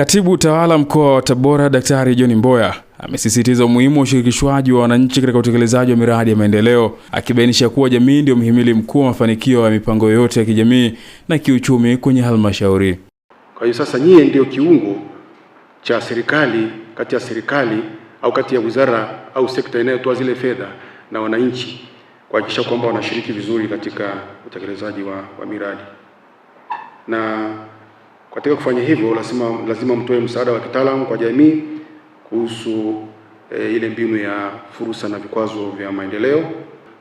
Katibu Tawala Mkoa wa Tabora Daktari John Mboya amesisitiza umuhimu wa ushirikishwaji wa wananchi katika utekelezaji wa miradi ya maendeleo, akibainisha kuwa jamii ndiyo mhimili mkuu wa mafanikio ya mipango yote ya kijamii na kiuchumi kwenye halmashauri. Kwa hiyo sasa nyie ndiyo kiungo cha serikali kati ya serikali au kati ya wizara au sekta inayotoa zile fedha na wananchi, kuhakikisha kwamba wanashiriki vizuri katika utekelezaji wa, wa miradi na katika kufanya hivyo, lazima lazima mtoe msaada wa kitaalamu kwa jamii kuhusu e, ile mbinu ya fursa na vikwazo vya maendeleo,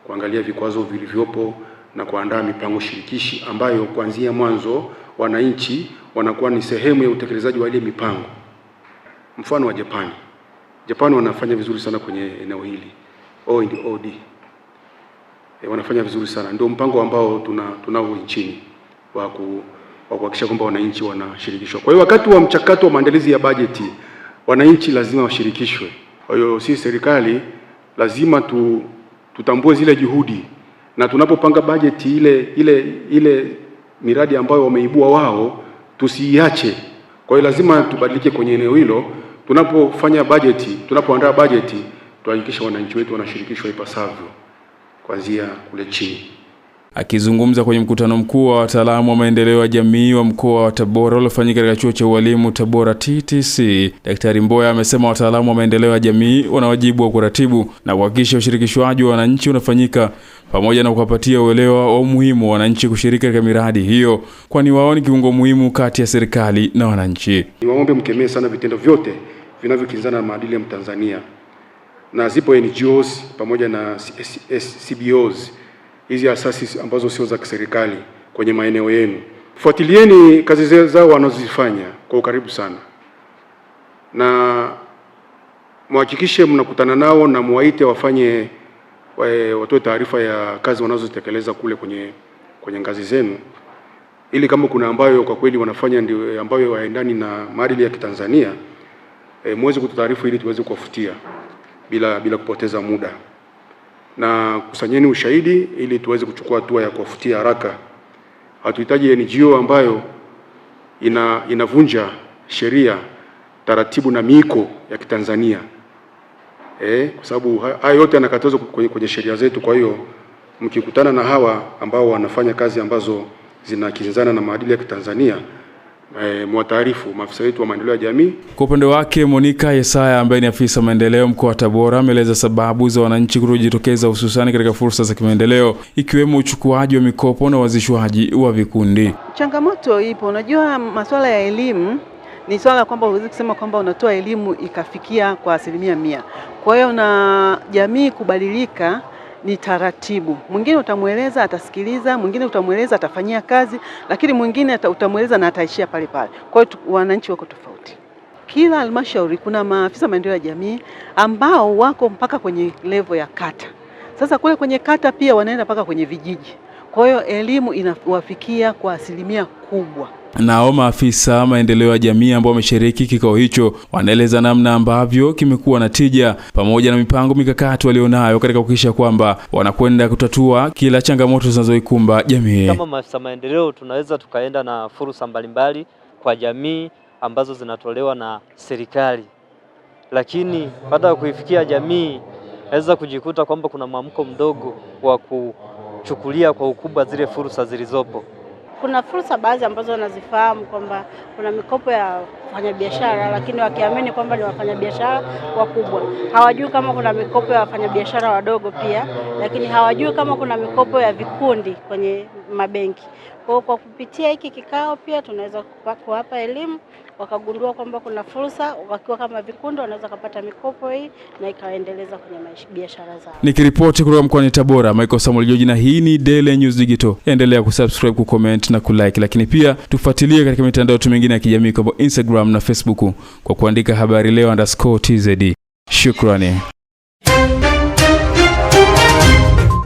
kuangalia vikwazo vilivyopo na kuandaa mipango shirikishi ambayo kuanzia mwanzo wananchi wanakuwa ni sehemu ya utekelezaji wa ile mipango. Mfano wa Japani. Japani wanafanya vizuri sana kwenye eneo hili OD. E, eh, wanafanya vizuri sana, ndio mpango ambao tunao tuna nchini wa ku wa kuhakikisha kwamba wananchi wanashirikishwa. Kwa hiyo wakati wa mchakato wa maandalizi ya bajeti wananchi lazima washirikishwe. Kwa hiyo sisi serikali lazima tu, tutambue zile juhudi na tunapopanga bajeti ile ile ile miradi ambayo wameibua wao tusiiache. Kwa hiyo lazima tubadilike kwenye eneo hilo. Tunapofanya bajeti, tunapoandaa bajeti, tuhakikishe wananchi wetu wanashirikishwa ipasavyo kuanzia kule chini. Akizungumza kwenye mkutano mkuu wa wataalamu wa maendeleo ya jamii wa mkoa wa Tabora uliofanyika katika chuo cha ualimu Tabora TTC, Daktari Mboya amesema wataalamu wa maendeleo ya jamii wana wajibu wa kuratibu na kuhakikisha ushirikishwaji wa wananchi unafanyika pamoja na kuwapatia uelewa wa umuhimu wa wananchi kushiriki katika miradi hiyo, kwani wao ni kiungo muhimu kati ya serikali na wananchi. Niwaombe mkemee sana vitendo vyote vinavyokinzana na maadili ya Mtanzania, na zipo NGOs pamoja na CBOs hizi asasi ambazo sio za kiserikali kwenye maeneo yenu. Fuatilieni kazi zao wanazozifanya kwa ukaribu sana, na muhakikishe mnakutana nao na muwaite wafanye watoe taarifa ya kazi wanazozitekeleza kule kwenye kwenye ngazi zenu, ili kama kuna ambayo kwa kweli wanafanya ndio ambayo haendani na maadili ya Kitanzania, e, eh, muweze kututaarifu ili tuweze kuwafutia bila bila kupoteza muda na kusanyeni ushahidi ili tuweze kuchukua hatua ya kuwafutia haraka. Hatuhitaji NGO ambayo ina inavunja sheria, taratibu na miiko ya Kitanzania eh, kwa sababu haya yote yanakatazwa kwenye, kwenye sheria zetu. Kwa hiyo mkikutana na hawa ambao wanafanya kazi ambazo zinakinzana na maadili ya Kitanzania Eh, mwataarifu maafisa wetu wa maendeleo ya jamii. Kwa upande wake, monika Yesaya ambaye ni afisa maendeleo mkoa wa Tabora ameeleza sababu za wananchi kutojitokeza hususani katika fursa za kimaendeleo ikiwemo uchukuaji wa mikopo na uanzishwaji wa vikundi. Changamoto ipo, unajua masuala ya elimu ni swala kwamba huwezi kusema kwamba unatoa elimu ikafikia kwa asilimia mia. Kwa hiyo na jamii kubadilika ni taratibu. Mwingine utamweleza atasikiliza, mwingine utamweleza atafanyia kazi, lakini mwingine utamweleza na ataishia pale pale. Kwa hiyo wananchi wako tofauti. Kila halmashauri kuna maafisa maendeleo ya jamii ambao wako mpaka kwenye levo ya kata. Sasa kule kwenye kata pia wanaenda mpaka kwenye vijiji, kwa hiyo elimu inawafikia kwa asilimia kubwa. Nao maafisa maendeleo ya jamii ambao wameshiriki kikao hicho wanaeleza namna ambavyo kimekuwa na tija pamoja na mipango mikakati walionayo katika kuhakikisha kwamba wanakwenda kutatua kila changamoto zinazoikumba jamii. Kama maafisa maendeleo, tunaweza tukaenda na fursa mbalimbali kwa jamii ambazo zinatolewa na serikali, lakini baada ya kuifikia jamii naweza kujikuta kwamba kuna mwamko mdogo wa kuchukulia kwa ukubwa zile fursa zilizopo kuna fursa baadhi ambazo wanazifahamu kwamba kuna mikopo ya wafanyabiashara, lakini wakiamini kwamba ni wafanyabiashara wakubwa. Hawajui kama kuna mikopo ya wafanyabiashara wadogo pia, lakini hawajui kama kuna mikopo ya vikundi kwenye mabenki. Kwa kwa kupitia hiki kikao pia tunaweza kuwapa elimu, wakagundua kwamba kuna fursa, wakiwa kama vikundi wanaweza kupata mikopo hii na ikaendeleza kwenye biashara zao. Nikiripoti kutoka mkoani Tabora, Michael Samuel Joji, na hii ni Daily News Digital. Endelea kusubscribe, kucomment na kulike, lakini pia tufuatilie katika mitandao yetu mingine ya kijamii kama Instagram na Facebook kwa kuandika habari leo underscore tzd. Shukrani.